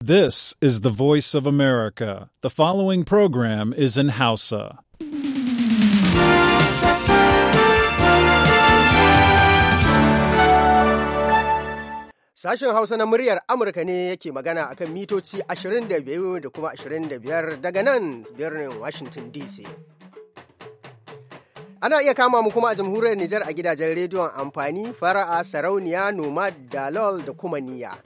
This is the voice of America. The following program is in Hausa. Sashen Hausa na muryar Amurka ne yake magana akan mitoci 22 da kuma 25 daga nan birnin Washington DC. Ana iya kama mu kuma a jamhuriyar Nijar a gidajen rediyon amfani, fara'a, sarauniya, nomad, dalol da kuma niyya.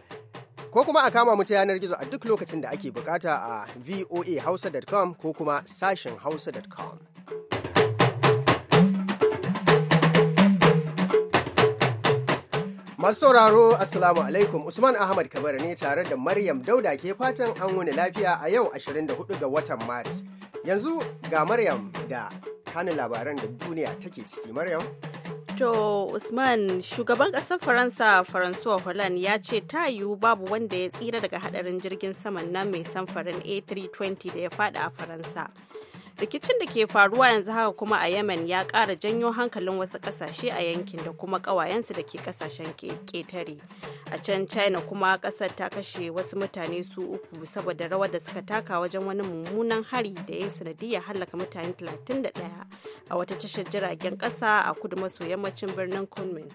ko kuma a kama mu ta yanar gizo a duk lokacin da ake bukata a voahausa.com ko kuma sashen hausa.com. Masu sauraro Assalamu alaikum Usman Ahmad kabar ne tare da Maryam Dauda ke fatan an wuni lafiya a yau 24 ga watan Maris. Yanzu ga Maryam da kanin labaran da duniya take ciki Maryam. To Usman shugaban ƙasar Faransa Faransuwa holland ya ce ta yiwu babu wanda ya tsira daga hadarin jirgin saman nan mai samfarin A320 da ya fada a Faransa. rikicin da ke faruwa yanzu haka kuma a yemen ya kara janyo hankalin wasu kasashe a yankin da kuma ƙawayensu da ke kasashen ƙetare a can china kuma ƙasar ta kashe wasu mutane su uku saboda rawar da suka taka wajen wani mummunan hari da ya sanadiyar hallaka mutane 31 a wata tashar jiragen kasa a kudu maso yammacin birnin kunmin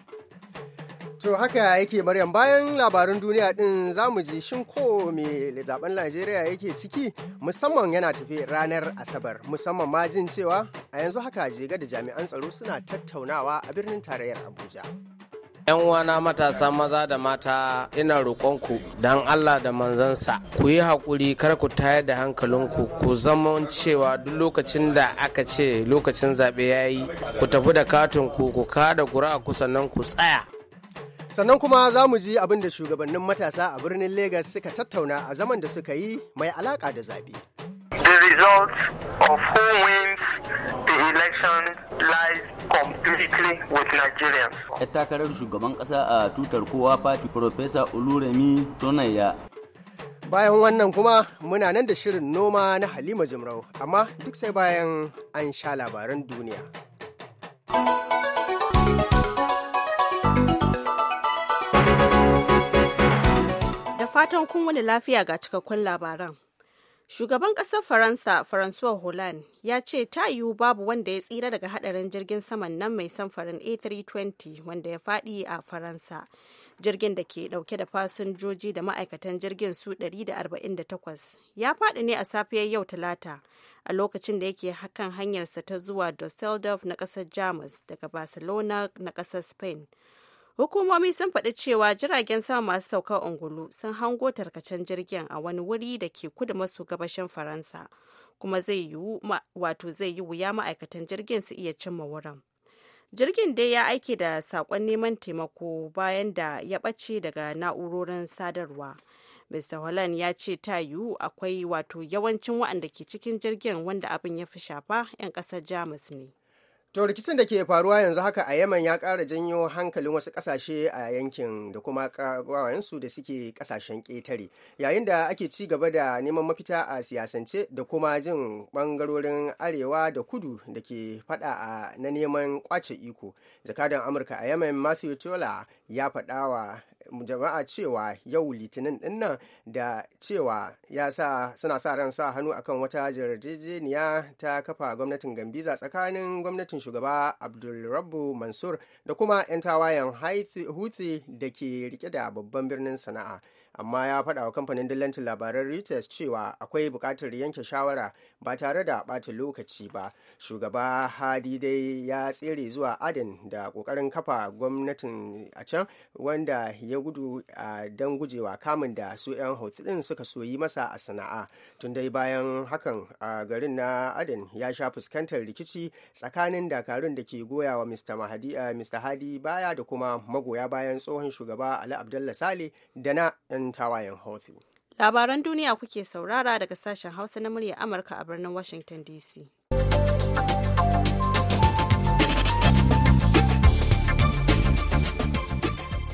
To haka yake Maryam bayan labarun duniya din zamu mu ji shin ko me zaben Najeriya yake ciki musamman yana tafi ranar Asabar musamman ma jin cewa a yanzu haka jega da jami'an tsaro suna tattaunawa a birnin tarayyar Abuja. 'yan uwana matasa maza da mata ina roƙonku don allah da manzansa ku yi haƙuri kar ku tayar da hankalinku ku zama cewa duk lokacin da aka ce lokacin zaɓe yayi ku tafi da katin ku kada ƙuri'a ku sannan ku tsaya sannan kuma za mu ji abin da shugabannin matasa a birnin Legas suka tattauna a zaman da suka yi mai alaka da zaɓe. The result of who wins the election lies completely with Nigerians. Yar takarar shugaban ƙasa a tutar kowa fati Profesa Oluremi Tonaya. Bayan wannan kuma muna nan da shirin noma na Halima Jimrau, amma duk sai bayan an sha labaran duniya. fatan kun wani lafiya ga cikakkun labaran. Shugaban ƙasar Faransa, François Hollande, ya ce ta yiwu babu wanda ya tsira daga hadarin jirgin saman nan mai samfarin A320 wanda ya faɗi a Faransa. Jirgin da ke ɗauke da fasinjoji da ma'aikatan jirgin su 148 ya faɗi ne a safiyar yau Talata a lokacin da yake kan hanyarsa ta zuwa Dusseldorf na ƙasar Jamus daga Barcelona na ƙasar Spain. Hukumomi sun faɗi cewa jiragen sama masu saukar ungulu sun hango tarkacen jirgin a wani wuri da ke kudu maso gabashin Faransa, kuma zai yiwu wato zai yi wuya ma'aikatan jirgin su iya cimma wurin. Jirgin dai ya aiki da saƙon neman taimako bayan da ya ɓace daga na'urorin sadarwa. Mr. Holland ya ce ta yiwu akwai wato yawancin waɗanda ke cikin jirgin wanda abin ya fi shafa 'yan ƙasar Jamus ne. To rikicin da ke faruwa yanzu haka a Yemen ya ƙara janyo hankalin wasu ƙasashe a yankin da kuma ƙawayensu da suke ƙasashen ƙetare yayin da ake ci gaba da neman mafita a siyasance da kuma jin ɓangarorin arewa da kudu da ke faɗa na neman kwace iko. Jakadan Amurka a Yemen Matthew Tola ya faɗa wa jama'a cewa yau litinin dinnan da cewa ya sa suna sa ran sa hannu akan wata yarjejeniya ta kafa gwamnatin gambiza tsakanin gwamnatin shugaba abdulrabu mansur da kuma 'yan tawayen houthi da ke rike da babban birnin sana'a amma ya faɗa wa kamfanin dillancin labaran reuters cewa akwai buƙatar yanke shawara ba tare da ɓata lokaci ba shugaba hadi dai ya tsere zuwa aden da ƙoƙarin kafa gwamnatin a can wanda ya gudu a don gujewa kamun da su 'yan houthi ɗin suka soyi masa a sana'a tun dai bayan hakan a garin na aden ya sha fuskantar rikici tsakanin dakarun da ke goya wa mr hadi baya da kuma magoya bayan tsohon shugaba ali abdullah sale da na 'yan tawayen houthi labaran duniya kuke saurara daga sashen hausa na murya amurka a birnin washington dc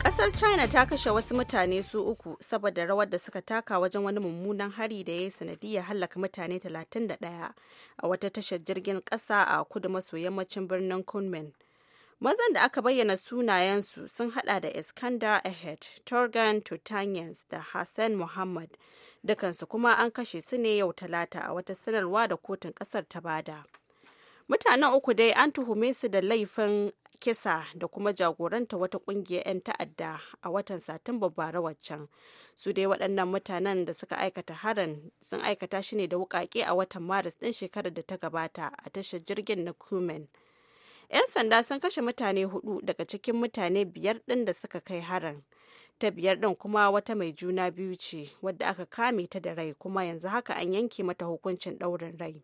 kasar china ta kashe wasu mutane su uku saboda rawar da suka taka wajen wani mummunan hari da ya yi sanadiyar hallaka mutane 31 a wata tashar jirgin kasa a kudu maso yammacin birnin kunmen mazan da aka bayyana sunayensu sun hada da iskandar ahed torgan tutanyans da hassan muhammad dukansu kuma an kashe su ne yau talata a wata sanarwa da kotun kasar ta bada mutanen uku dai an tuhume su da laifin kisa da kuma jagoranta wata kungiyar 'yan ta'adda a watan satumba bara waccan su dai waɗannan mutanen da suka aikata harin sun aikata shi ne da wuƙaƙe a watan maris ɗin shekarar da ta gabata a tashar jirgin na cumin 'yan sanda sun kashe mutane hudu daga cikin mutane biyar ɗin da suka kai harin ta biyar ɗin kuma wata mai juna biyu ce wadda aka kame ta da rai kuma yanzu haka an yanke mata hukuncin ɗaurin rai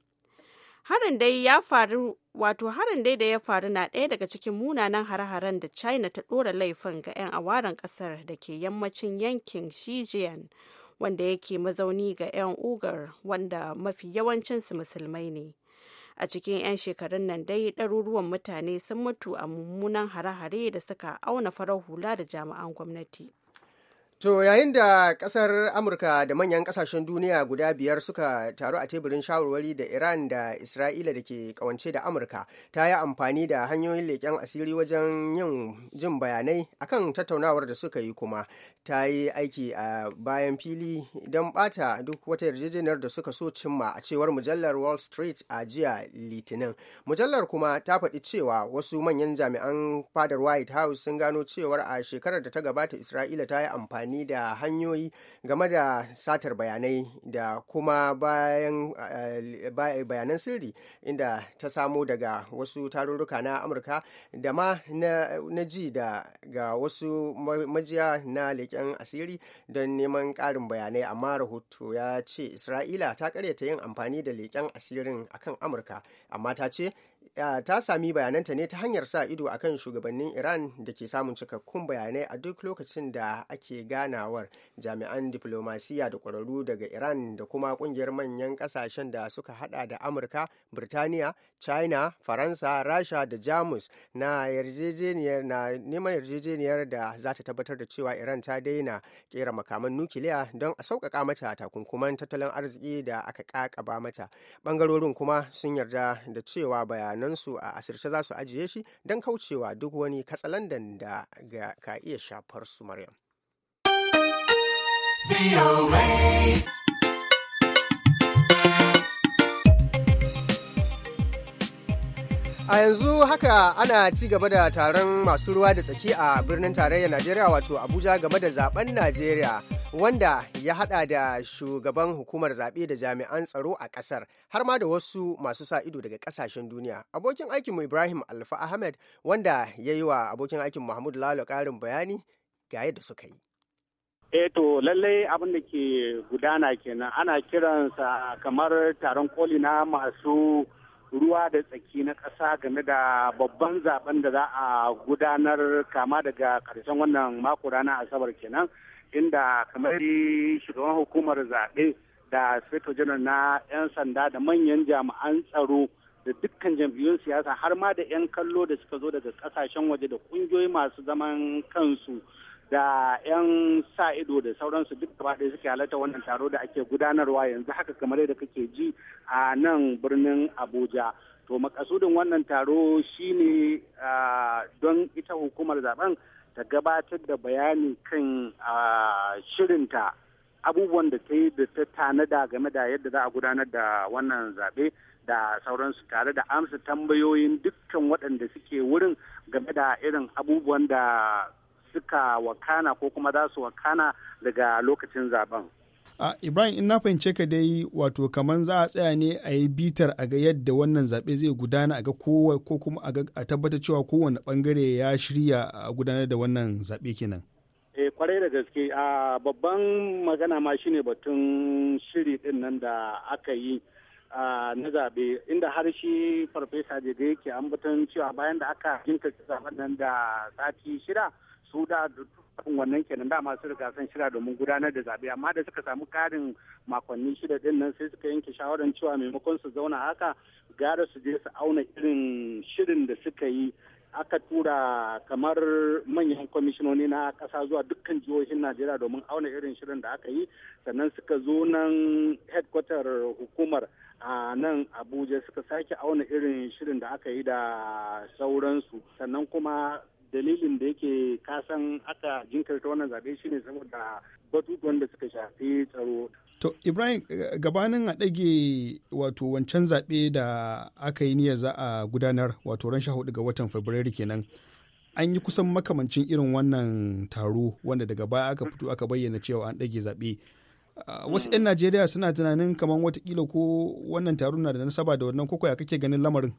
harin dai ya faru wato harin dai da ya faru na ɗaya daga cikin munanan hare-haren da china ta ɗora laifin ga 'yan awaren ƙasar da ke yammacin yankin shijian wanda yake mazauni ga 'yan ugar wanda mafi yawancinsu musulmai ne a cikin 'yan shekarun nan dai ɗaruruwan mutane sun mutu a mummunan hare-hare da suka auna farar hula da jami'an gwamnati To yayin da kasar Amurka da manyan kasashen duniya guda biyar suka taru a teburin shawarwari da Iran da Isra'ila da ke kawance da Amurka ta yi amfani da hanyoyin leƙen asiri wajen yin jin bayanai akan tattaunawar da suka yi kuma ta yi aiki a bayan fili don bata duk wata yarjejeniyar da suka so cimma a cewar mujallar Wall Street a jiya Litinin. Mujallar kuma ta faɗi cewa wasu manyan jami'an fadar White House sun gano cewar a shekarar da ta gabata Isra'ila ta yi amfani amfani da hanyoyi game da satar bayanai da kuma bayan eh, bayanan sirri inda ta samo daga wasu tarurruka na amurka da ma na ji da ga wasu majiya na leƙen asiri don neman ƙarin bayanai amma rahoto ya ce isra'ila ta karyata yin amfani da leƙen asirin akan amurka amma ta ce ta sami bayananta ne ta hanyar sa ido a kan shugabannin iran da ke samun cikakkun bayanai a duk lokacin da ake ganawar jami'an diplomasiya da kwararru daga iran da kuma kungiyar manyan kasashen da suka hada da amurka birtaniya china faransa rasha da jamus na yarjejeniyar neman yarjejeniyar da za ta tabbatar da cewa iran ta daina kera makaman nukiliya don a sauƙaƙa mata takunkuman tattalin arziki da aka ƙaƙaba mata bangarorin kuma sun yarda da cewa baya bayanansu a asirce za su ajiye shi don kaucewa duk wani katsalandan da ka iya shafar su maryam A yanzu haka ana ci gaba da taron masu ruwa da tsaki a birnin tarayyar Najeriya wato Abuja game da zaben Najeriya. wanda ya hada da shugaban hukumar zaɓe da jami'an tsaro a ƙasar har ma da wasu masu sa ido daga ƙasashen duniya abokin aikinmu ibrahim alfa ahmed wanda ya yi wa abokin aikin mahmud lalo ƙarin bayani ga yadda suka yi eh to lallai abin da ke gudana kenan ana kiransa kamar taron koli na masu ruwa da tsaki na ƙasa game da babban zaben da za a gudanar kama daga karshen wannan mako ranar asabar kenan inda kamar shugaban hukumar zaɓe da sufeto janar na 'yan sanda da manyan jami'an tsaro da dukkan jam'iyyun siyasa har ma da 'yan kallo da suka zo daga kasashen waje da kungiyoyi masu zaman kansu da 'yan sa ido da sauransu duk gaba ɗaya suke halarta wannan taro da ake gudanarwa yanzu haka kamar yadda kake ji a nan birnin abuja to makasudin wannan taro shine ah, don ita hukumar zaben ta gabatar da bayani kan shirinta abubuwan da ta yi da ta tanada game da yadda za a gudanar da wannan zaɓe da sauransu tare da amsa tambayoyin dukkan waɗanda suke wurin game da irin abubuwan da suka wakana ko kuma za su wakana daga lokacin zaben. a ibrahim in na fahimce ka dai wato kamar za a tsaya ne a yi bitar a ga yadda wannan zaɓe zai gudana a ga kowa ko kuma a tabbatar cewa kowane bangare ya shirya a gudanar da wannan zaɓe kenan eh kwarai da gaske a babban magana ma shine batun shiri din nan da aka yi na zaɓe inda har shi farfesa da yake batun cewa bayan da aka jinkirta zaɓen nan da sati shida su da kafin wannan kenan da masu riga sun shirya domin gudanar da zaɓe amma da suka samu karin makonni shida din nan sai suka yanke shawarar cewa maimakon su zauna haka gara su je su auna irin shirin da suka yi aka tura kamar manyan kwamishinoni na ƙasa zuwa dukkan jihohin najeriya domin auna irin shirin da aka yi sannan suka zo nan headquarter hukumar a nan abuja suka sake auna irin shirin da aka yi da sauransu sannan kuma dalilin da yake kasan aka jinkirta wannan zaɓe shine saboda batutuwan da suka shafi tsaro To Ibrahim gabanin a ɗage wato wancan zaɓe da aka yi niyyar za a gudanar wato ran sha hudu ga watan Fabrairu kenan. An yi kusan makamancin irin wannan taro wanda daga baya aka fito aka bayyana cewa an ɗage zaɓe. Ah, wasu 'yan hmm. Najeriya suna tunanin kamar watakila ko wannan taro na da nasaba da wannan kwakwaya kake ganin lamarin.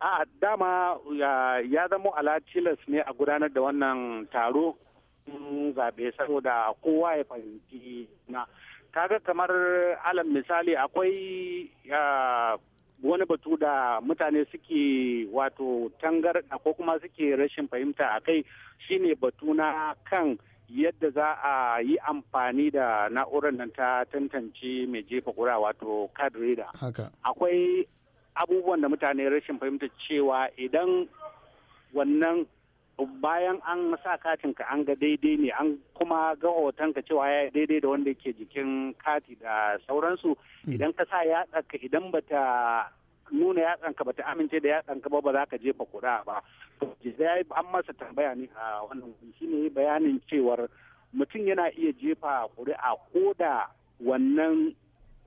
a dama ya zama alatilas ne a gudanar da wannan taro zaɓe saboda kowa ya fahimci na kaga kamar alam misali akwai wani batu da mutane suke wato tangar ko kuma suke rashin fahimta a kai shine batu na kan yadda za a yi amfani da na'urar nan ta tantance mai jefa kura wato card reader akwai abubuwan da mutane rashin fahimta cewa idan wannan bayan an sa katin ka an ga daidai ne an kuma ga hotonka cewa ya daidai da wanda ke jikin kati da sauransu hmm. idan ka sa yatsanka idan bata nuna yatsanka bata amince da yatsanka ba ba za ka jefa kuɗa ba ya an masa tambaya ne a wannan shine bayanin cewar mutum yana iya jefa kuri'a ko da wannan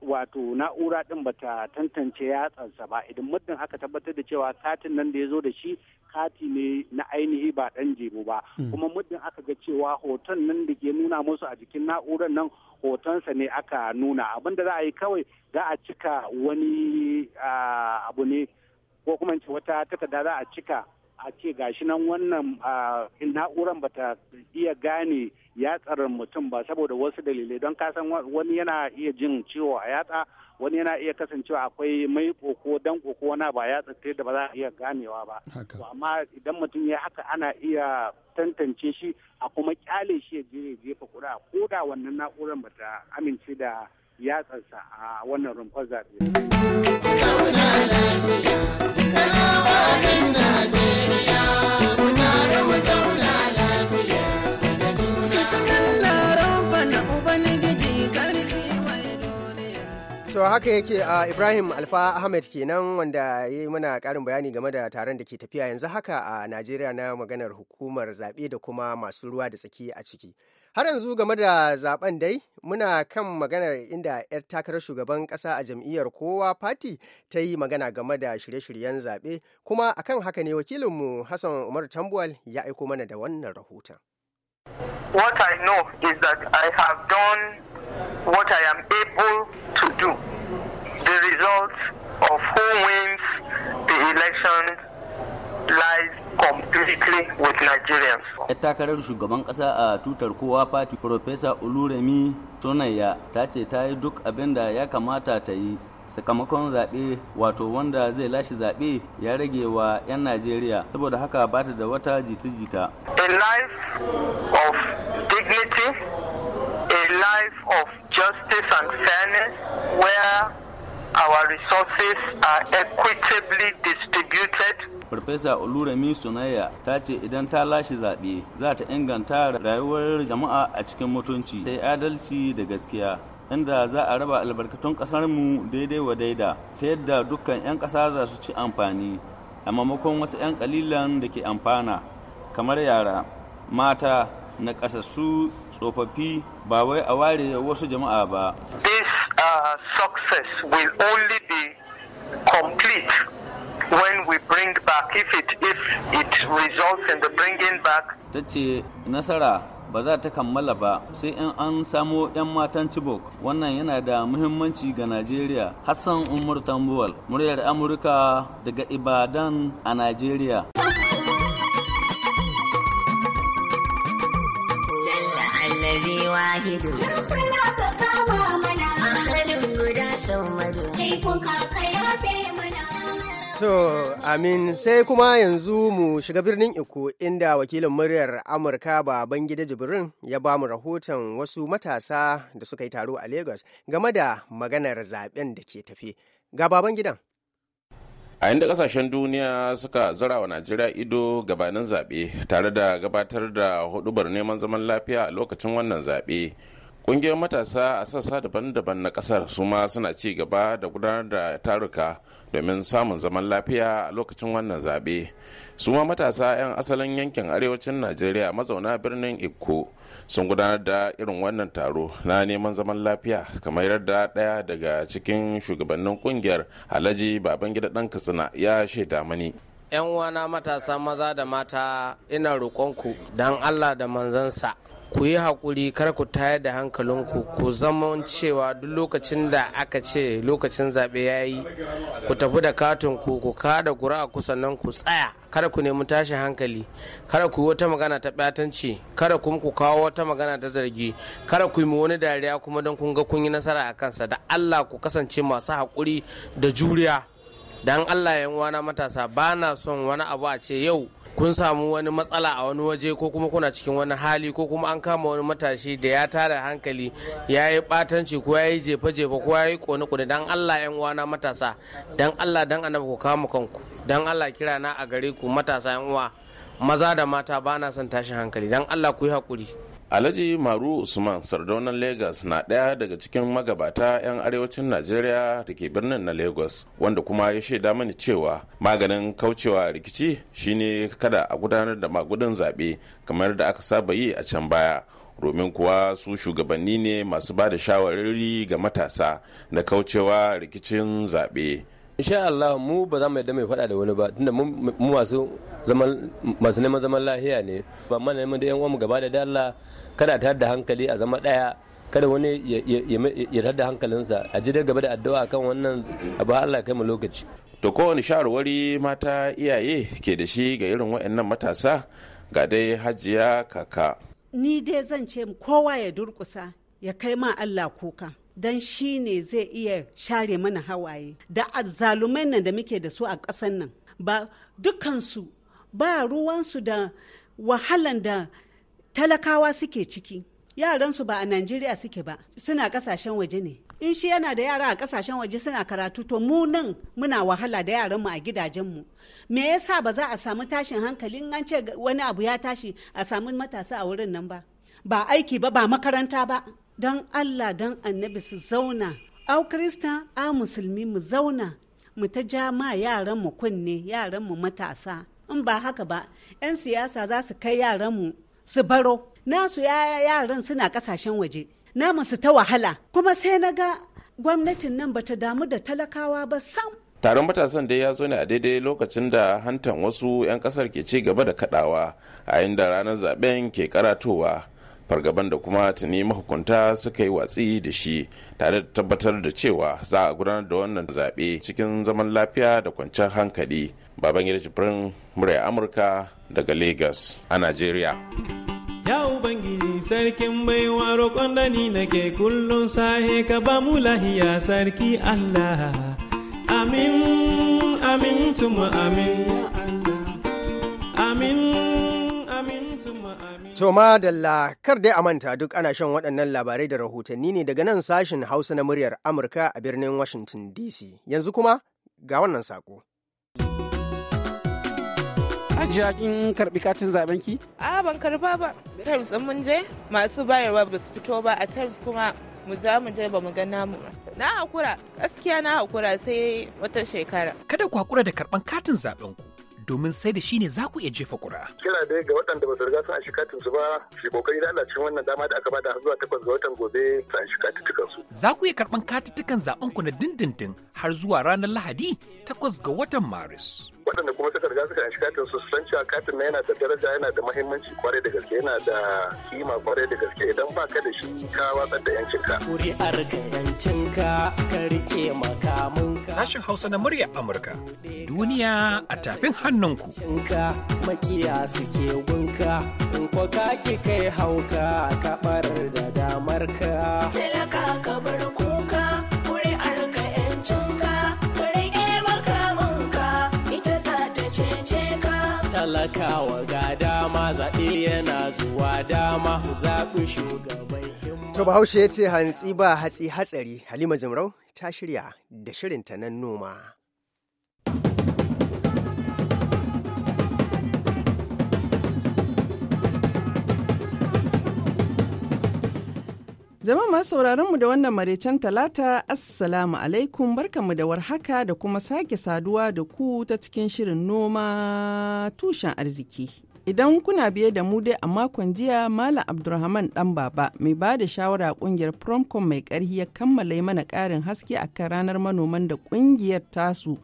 wato na'ura din ta tantance yatsansa ba idan muddin aka tabbatar da cewa katin nan da ya zo da shi kati ne na ainihi ba dan jebu ba hmm. kuma muddin aka ga cewa hoton nan da ke nuna musu a jikin na'urar nan hotonsa ne aka nuna abin da za a yi kawai za a cika wani ah, abu ne ko kuma wata takarda za a cika a ce gashi nan wannan na'uran bata iya gane yatsar mutum ba saboda wasu dalilai don kasan wani yana iya jin ciwo a yatsa wani yana iya kasancewa akwai mai koko dan koko wana ba yatsa ta da ba za a iya ganewa ba amma idan mutum ya haka ana iya tantance shi a kuma kyale shi ya je jefa kuda ko da wannan na'urar bata amince da yatsarsa a wannan rumfar zaɓe. haka yake a ibrahim alfa ahmed kenan wanda ya yi mana karin bayani game da taron da ke tafiya yanzu haka a najeriya na maganar hukumar zaɓe da kuma masu ruwa da tsaki a ciki har yanzu game da zaben dai muna kan maganar inda 'yar takarar shugaban ƙasa a jam'iyyar kowa fati ta yi magana game da shirye-shiryen zaɓe kuma akan haka ne wakilinmu hassan umar tambuwal ya aiko mana da wannan rahoton what i know is that i have done what I am able to do. The result of who wins the election lies completely with Nigerians. Yar takarar shugaban kasa a tutar kowa fati Profesa Oluremi Tonaya ta ce ta yi duk abin da ya kamata ta yi sakamakon zaɓe wato wanda zai lashe zaɓe ya rage wa 'yan Najeriya saboda haka ba ta da wata jita-jita. A life of dignity life of justice and fairness where our resources are equitably distributed. Farfesa Oluremi Sonaya ta ce idan ta lashe zaɓe za ta inganta rayuwar jama'a a cikin mutunci da adalci da gaskiya. inda za a raba albarkatun ƙasarmu daidai wa daida ta yadda dukkan 'yan ƙasa za su ci amfani a maimakon wasu 'yan ƙalilan da ke amfana kamar yara mata na ƙasassu tsofaffi ba wai a ware wasu jama'a ba. This uh, success will only be complete when we bring back if it if it results in the bringing back. Ta ce nasara ba za ta kammala ba sai in an samo 'yan matan Chibok wannan yana da muhimmanci ga Najeriya. Hassan Umar Tambuwal, muryar Amurka daga Ibadan a Najeriya. allazi wahidu rabbana mana guda sau kaka ya mana To, amin sai kuma yanzu mu shiga birnin Iko inda wakilin muryar Amurka babangida bangida Jibrin ya ba mu rahoton wasu matasa da suka yi taro a Lagos game da maganar zaben da ke tafi. Ga baban gidan. a inda kasashen duniya suka zara wa najeriya ido gabanin zaɓe tare da gabatar da hudubar neman zaman lafiya a lokacin wannan zaɓe ƙungiyar matasa a sassa daban-daban na ƙasar su ma suna ci gaba da gudanar da taruka domin samun zaman lafiya a lokacin wannan zaɓe su ma matasa 'yan asalin yankin arewacin najeriya mazauna birnin ikko sun gudanar da irin wannan taro na neman zaman lafiya kamar yadda ɗaya daga cikin shugabannin kungiyar alhaji babangida dan katsina ya shaida mani 'yan uwana matasa maza da mata ina roƙonku don allah da manzansa ku yi haƙuri kar ku tayar da hankalinku ku zama cewa duk lokacin da aka ce lokacin zaɓe ya yi ku tafi da katin ku ku kada gura ku nan ku tsaya kada ku nemi tashin hankali kada ku yi wata magana ta ɓatanci kada kuma ku kawo wata magana ta zargi kada ku yi wani dariya kuma don kun ga kun yi nasara a kansa da allah ku kasance masu hakuri da juriya dan allah yan wana matasa ba na son wani abu a ce yau kun samu wani matsala a wani waje ko kuma kuna cikin wani hali ko kuma an kama wani matashi da ya tara hankali ya yi batanci ko ya yi jefa-jefa ko ya yi kone-kone dan Allah yan uwana matasa dan Allah dan annabi ku kama kanku dan Allah kira na a gare ku matasa yan uwa maza da mata ba na son tashin hankali dan Allah ku yi hakuri Alhaji Maru Usman Sardaunan Lagos na ɗaya daga cikin magabata 'yan arewacin Najeriya da ke birnin na Lagos wanda kuma ya shaida mani cewa maganin kaucewa rikici shine kada a gudanar da magudin zaɓe kamar da aka saba yi a can baya. domin kuwa su shugabanni ne masu ba da shawarari ga matasa da kaucewa rikicin zaɓe. insha Allah mu ba za mu yadda mai faɗa da wani ba tunda mu masu masu neman zaman lahiya ne ba mu neman da yan uwanmu gaba da Allah kada ta da hankali a zama daya kada wani ya tada hankalinsa a ji da gaba da addu'a kan wannan abu Allah kai mu lokaci to kowane shawarwari mata iyaye ke da shi ga irin waɗannan matasa ga dai hajiya kaka ni dai zan ce kowa ya durkusa ya kai ma Allah kuka don shi ne zai iya share mana hawaye da azzalumai nan da muke da su a kasan nan ba dukansu ba ruwansu da wahalan da talakawa suke ciki yaransu ba a najeriya suke ba suna ƙasashen waje ne in shi yana da yara a ƙasashen waje suna karatu to mu nan muna wahala da yaranmu a gidajenmu me yasa ba za a samu tashin hankali in an ce wani abu ya tashi a samu matasa a wurin nan ba ba aiki ba ba makaranta ba don allah don annabi su zauna au krista a musulmi mu zauna mu ta ja ma yaran mu kunne yaran mu matasa in ba haka ba 'yan siyasa za su kai yaran mu su baro nasu yaran suna kasashen waje na su ta wahala kuma sai na ga gwamnatin nan bata damu da talakawa ba sam taron matasan dai ya zo ne a daidai lokacin da hantan wasu 'yan kasar ke ci gaba da kadawa a inda ranar zaben ke karatowa fargaban da kuma tuni mahukunta suka yi watsi da shi tare da tabbatar da cewa za a gudanar da wannan zaɓe cikin zaman lafiya da kwanciyar hankali baban gida jibrin murya amurka daga lagos a nigeria ya ubangiji sarkin baiwa roƙon da ni nake kullum sahe ka ba mu lahiya sarki allah amin amin suma amin amin amin suma amin To madalla kar dai a manta duk ana shan waɗannan labarai da rahotanni ne daga nan sashin Hausa na muryar Amurka a birnin Washington DC. Yanzu kuma ga wannan sako. Hajiya kin karbi katin zaben ki? A ban karba ba. Times mun je masu bayarwa ba su fito ba a Times kuma mu za mu je ba mu ga namu Na hakura, gaskiya na hakura sai wata shekara. Kada ku hakura da karban katin zaben ku. domin sai da shi ne za ku iya jefa kura. Kira dai ga waɗanda ba su riga sun katin su ba shi kokari da Allah cikin wannan dama da aka bada zuwa takwas ga watan gobe su anshi katuttukan su. Za ku iya karɓan katuttukan zaɓen ku na dindindin har zuwa ranar Lahadi takwas ga watan Maris. waɗanda kuma suka riga suka yanci katin su san cewa katin na yana da daraja yana da mahimmanci kwarai da gaske yana da kima kwarai da gaske idan ba ka da shi ka watsar da yancinka. Kuri'ar ka yancinka ka rike ka. Sashen Hausa na murya Amurka. Duniya a tafin hannunku. Cinka makiya suke gunka in ko ki kai hauka ka da damar ka. ka talakawa ga dama zaɓe yana zuwa dama ku zaɓi shugabai. To Bahaushe ya ce hantsi ba hatsi hatsari Halima Jimrau ta shirya da shirinta nan noma. Jama'a masu sauraron mu da wannan maraicen talata assalamu alaikum barkamu da warhaka da kuma sake saduwa da ku ta cikin shirin noma tushen arziki. Idan kuna biye da mu dai a makon jiya Malam Abdulrahman dan baba mai ba da shawara kungiyar Promcom mai karhi ya kammala mana karin haske a kan ranar manoman da kungiyar tasu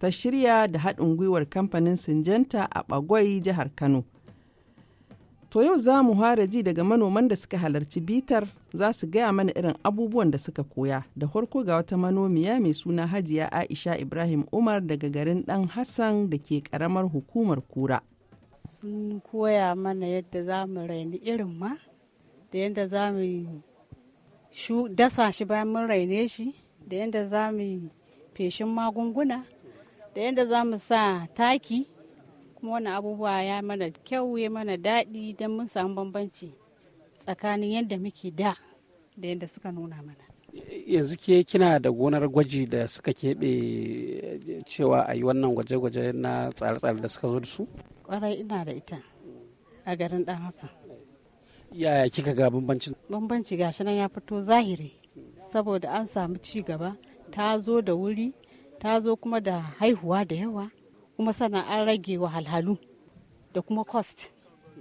ta shirya da haɗin gwiwar kamfanin Sinjanta a Bagwai jihar Kano. To yau za mu ji daga manoman da suka halarci bitar za su gaya mana irin abubuwan da suka koya. Da farko ga wata manomiya mai suna Hajiya Aisha Ibrahim Umar daga garin Dan Hassan da ke karamar hukumar Kura. Sun koya mana yadda za mu raini irin ma da yadda za mu dasa shi bayan mun raine shi da yadda za mu feshin magunguna da yadda za mu sa taki kuma abubuwa ya mana kyau ya mana daɗi don mun samu bambanci tsakanin yadda muke da da yadda suka nuna mana yanzu ke kina da gonar gwaji da suka keɓe eh, cewa a yi wannan gwaje-gwaje na tsare-tsare da suka zo da su kwarai ina da ita a garin dan hassan yaya kika ga bambancin bambanci gashi nan ya fito zahiri saboda an samu ci gaba ta zo da wuri ta zo kuma da haihuwa da yawa kuma sannan an rage wahalhalu da kuma cost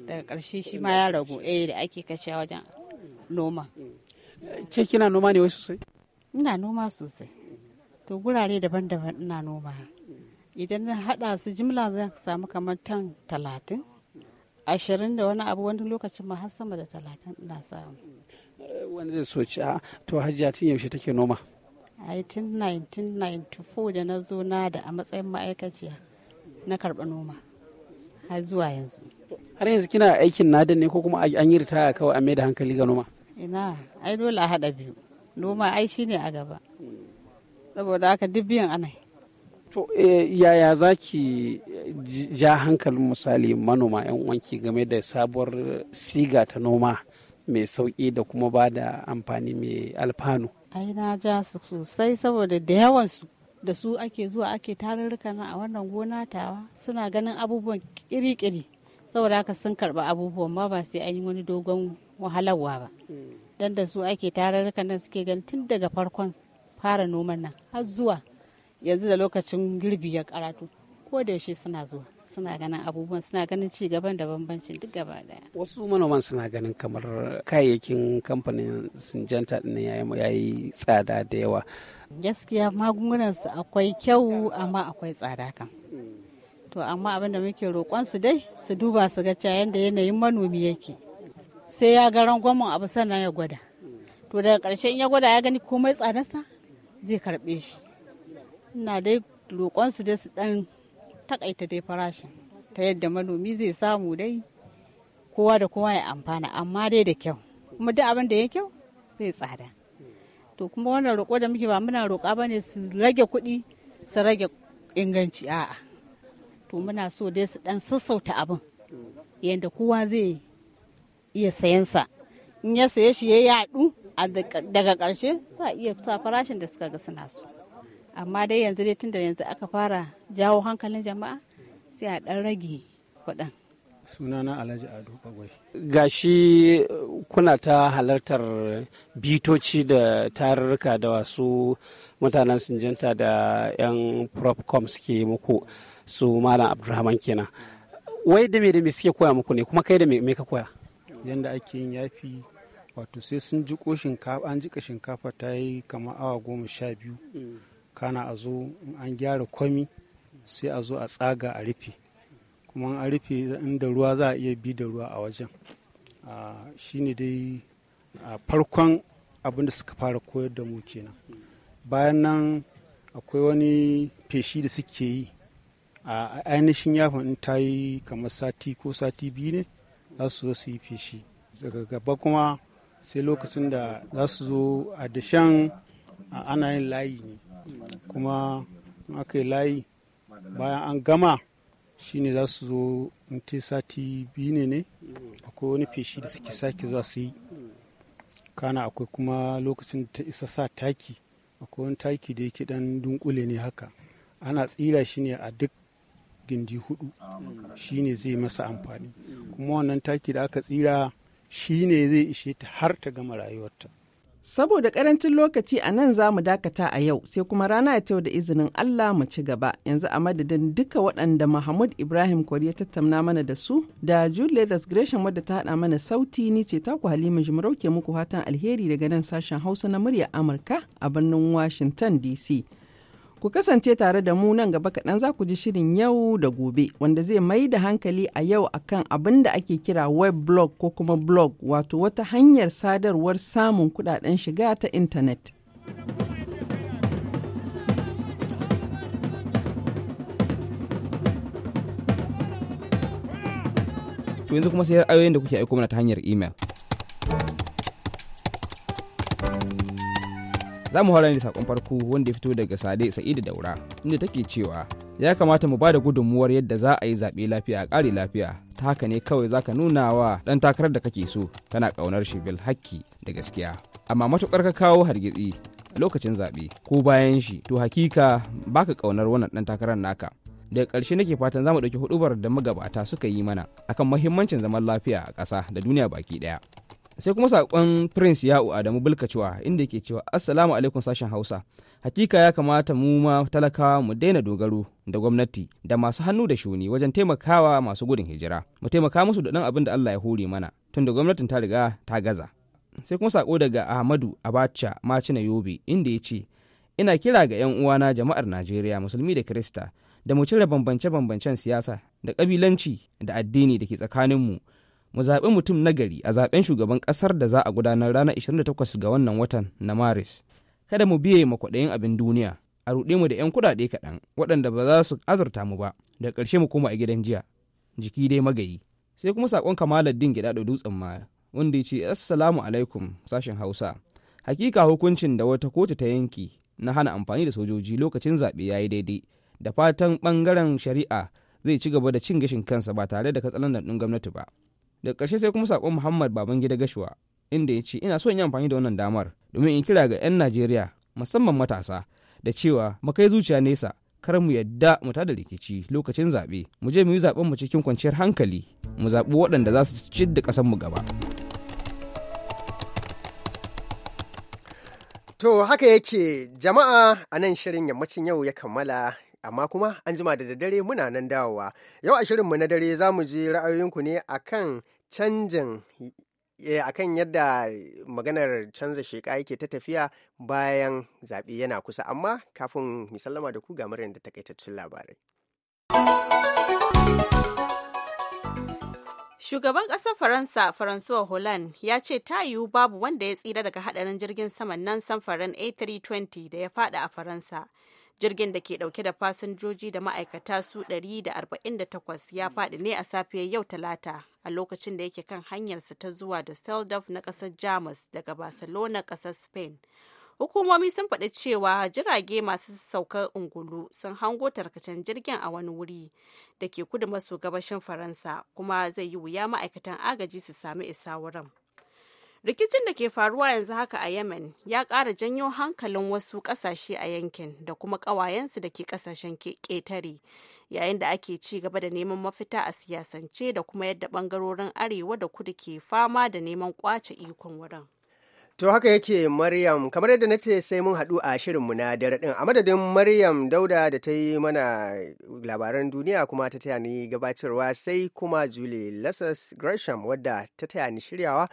daga ƙarshe shi ma ya ragu eh da ake kashe wajen noma ke kina noma ne wai sosai ina noma sosai to gurare daban-daban ina noma idan na hada su jimla zan samu kamar tan talatin ashirin da wani abu wani lokacin ma har sama da talatin ina samu wani zai soci a to hajiya tun yaushe take noma a 1994 da na zo na da a matsayin ma'aikaciya na karɓa noma har zuwa yanzu har yanzu kina aikin nadan ne ko kuma an yi ritaya kawai a mai da hankali ga noma ina ai dole a haɗa biyu noma ai shine a gaba saboda haka duk biyan ana to eh, yaya za ki ja hankalin misali manoma yan wanki game da sabuwar siga ta noma mai sauƙi da kuma ba da amfani mai alfanu ai na ja su sosai saboda da yawansu da su ake zuwa ake tarurruka na a wannan gona tawa suna ganin abubuwan kiri-kiri saboda haka sun karɓi abubuwan ma ba sai an yi wani dogon wahalarwa ba hmm. dan da su ake tarurruka nan suke gani tun daga farkon fara noman nan har zuwa yanzu da lokacin girbi ya karatu ko da yaushe suna zuwa suna ganin abubuwan suna ganin ci gaban da bambancin duk gaba daya wasu manoman suna ganin kamar kayayyakin kamfanin sinjanta din ya yi tsada da yawa gaskiya magungunan su akwai kyau amma akwai tsada kan hmm. to amma abin da muke roƙon su dai su duba su ga cewa yadda yanayin manomi yake sai ya ga rangwamen abu sannan ya gwada hmm. to daga ƙarshe in ya gwada ya gani komai tsadarsa zai karɓe shi ina dai roƙon su dai su ɗan takaita dai farashin ta yadda manomi zai samu dai kowa da kowa ya amfana amma dai da kyau kuma duk abin da ya kyau zai tsada to kuma wannan roƙo da muke ba muna roƙa ba ne su rage kuɗi su rage inganci a'a to muna so dai su ɗan sassauta abin yadda kowa zai iya sayansa in ya saye shi ya yaɗu daga ƙarshe za a iya sa farashin da suka ga suna so amma dai yanzu dai tunda yanzu aka fara jawo hankalin jama'a sai a ɗan rage kuɗin sunana alhaji ado bagwai gashi kuna ta halartar bitoci da tarurruka da wasu mutanen sinjanta da 'yan propcom suke muku su malam abdulrahman kenan wai da me da me suke koya muku ne kuma kai da me ka koya yanda ake yin yafi wato sai sun ji ko shinkafa an jika shinkafa ta yi kama awa goma sha biyu mm. kana a zo in an gyara kwami sai a zo a tsaga a rufe kuma an rufe inda ruwa za a iya bi da ruwa a wajen shi ne dai farkon abin suka fara koyar da mu kenan bayan nan akwai wani feshi da suke yi a ainihin yafin in ta yi kamar sati ko sati biyu ne za su zo su yi feshi daga gaba kuma sai lokacin da za su zo a dashen ana yin layi ne kuma aka yi layi bayan an gama shi ne za su zo mutum sati biyu ne ne akwai wani feshi da suke sake zuwa su yi kana akwai kuma lokacin da ta isa sa taki akwai wani taki da yake dan dunkule ne haka ana tsira shi ne a duk gindi hudu ne zai masa amfani kuma wannan taki da aka tsira shi ne zai ishe ta har ta gama rayuwarta Saboda karancin lokaci a nan za mu dakata a yau sai kuma rana ya da izinin Allah mu ci gaba yanzu a madadin duka waɗanda Mahmud Ibrahim Kwari ya tattauna mana da su da Jude Leathers Gresham wadda ta haɗa mana sauti ni ce ta ku Halima Jimarau ke muku fatan alheri daga nan sashen Hausa na murya Amurka a birnin Washington DC. Ku kasance tare da mu nan gaba kaɗan za ku ji shirin yau da gobe wanda zai mai da hankali a yau akan abin da ake kira web blog ko kuma blog wato wata hanyar sadarwar samun kuɗaɗen shiga ta intanet. To yanzu kuma sai ayoyin da kuke aiko mana ta hanyar email. za mu fara ne sakon farko wanda ya fito daga sade sa'idu daura inda take cewa ya kamata mu ba da gudunmuwar yadda za a yi zaɓe lafiya a ƙare lafiya ta haka ne kawai za ka nuna wa ɗan takarar da kake so kana ƙaunar shi bil hakki da gaskiya amma matuƙar ka kawo hargitsi lokacin zaɓe ko bayan shi to hakika baka ƙaunar wannan ɗan takarar naka daga ƙarshe nake fatan za mu ɗauki hudubar da magabata suka yi mana akan mahimmancin zaman lafiya a ƙasa da duniya baki ɗaya sai kuma saƙon prince ya'u adamu bulkacewa inda yake cewa assalamu alaikum sashen hausa hakika ya kamata mu ma talakawa mu daina dogaro da gwamnati da masu hannu da shuni wajen taimakawa masu gudun hijira mu taimaka musu da ɗan abin da allah ya hore mana tunda gwamnatin ta riga ta gaza sai kuma saƙo daga ahmadu abacha macina yobe inda ya ce ina kira ga 'yan uwana jama'ar najeriya musulmi da kirista da mu cire bambance-bambancen siyasa da kabilanci da addini da ke tsakaninmu mu zaɓi mutum nagari a zaɓen shugaban ƙasar da za a gudanar ranar 28 ga wannan watan na maris kada mu biye makwaɗayin abin duniya a ruɗe mu da 'yan kuɗaɗe kaɗan waɗanda ba za su azurta mu ba da ƙarshe mu koma a gidan jiya jiki dai magayi sai kuma saƙon din gida da dutsen ma wanda ya ce assalamu alaikum sashen hausa hakika hukuncin da wata kotu ta yanki na hana amfani da sojoji lokacin zaɓe ya yi daidai da fatan ɓangaren shari'a zai ci gaba da cin gashin kansa ba tare da katsalandan ɗin gwamnati ba da ƙarshe sai kuma saƙon muhammad gida gashuwa inda ya ce ina son yin amfani da wannan damar domin in kira ga 'yan najeriya musamman matasa da cewa mu kai zuciya nesa kar mu yadda mu tada rikici lokacin zaɓe mu je mu yi zaɓen mu cikin kwanciyar hankali mu zaɓi waɗanda za su ci da ƙasar mu gaba. To haka yake jama'a a nan shirin yammacin yau ya kammala amma kuma an jima da daddare muna nan dawowa yau a shirin mu na dare za mu je ra'ayoyinku ne akan canjin e, kan yadda maganar canza sheka yake ta tafiya bayan zaɓe yana kusa amma kafin misalama da ku ga muryar da takaitattun labarai. Shugaban ƙasar Faransa, François Hollande, ya ce ta yiwu babu wanda ya tsira daga hadarin jirgin saman nan samfarin A320 da ya fada a Faransa. jirgin da ke dauke da fasinjoji da ma'aikata su 148 ya faɗi ne a safiyar yau talata a lokacin da yake kan hanyarsa ta zuwa da seldorf na ƙasar jamus daga barcelona ƙasar spain hukumomi sun faɗi cewa jirage masu saukar ungulu sun hango tarkacen jirgin a wani wuri da ke kudu maso gabashin faransa kuma zai yi wuya ma'aikatan agaji su sami isa wurin rikicin da ke faruwa yanzu haka a yemen ya ƙara janyo hankalin wasu ƙasashe a yankin da kuma ƙawayensu da ke ƙasashen ƙetare yayin da ake ci gaba da neman mafita a siyasance da kuma yadda bangarorin arewa da kudu ke fama da neman ƙwace ikon wurin To haka yake Maryam, kamar yadda na ce sai mun haɗu a shirinmu na dare ɗin a madadin Maryam Dauda da ta yi mana labaran duniya kuma ta taya ni gabatarwa sai kuma Julie Lassas Gresham wadda ta taya ni shiryawa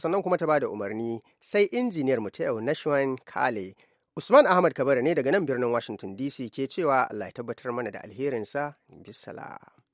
sannan kuma ta ba da umarni sai injiniyar mu ta yau Nashwan Kale. Usman Ahmad Kabara ne daga nan birnin Washington DC ke cewa Allah ya tabbatar mana da alherinsa bisala.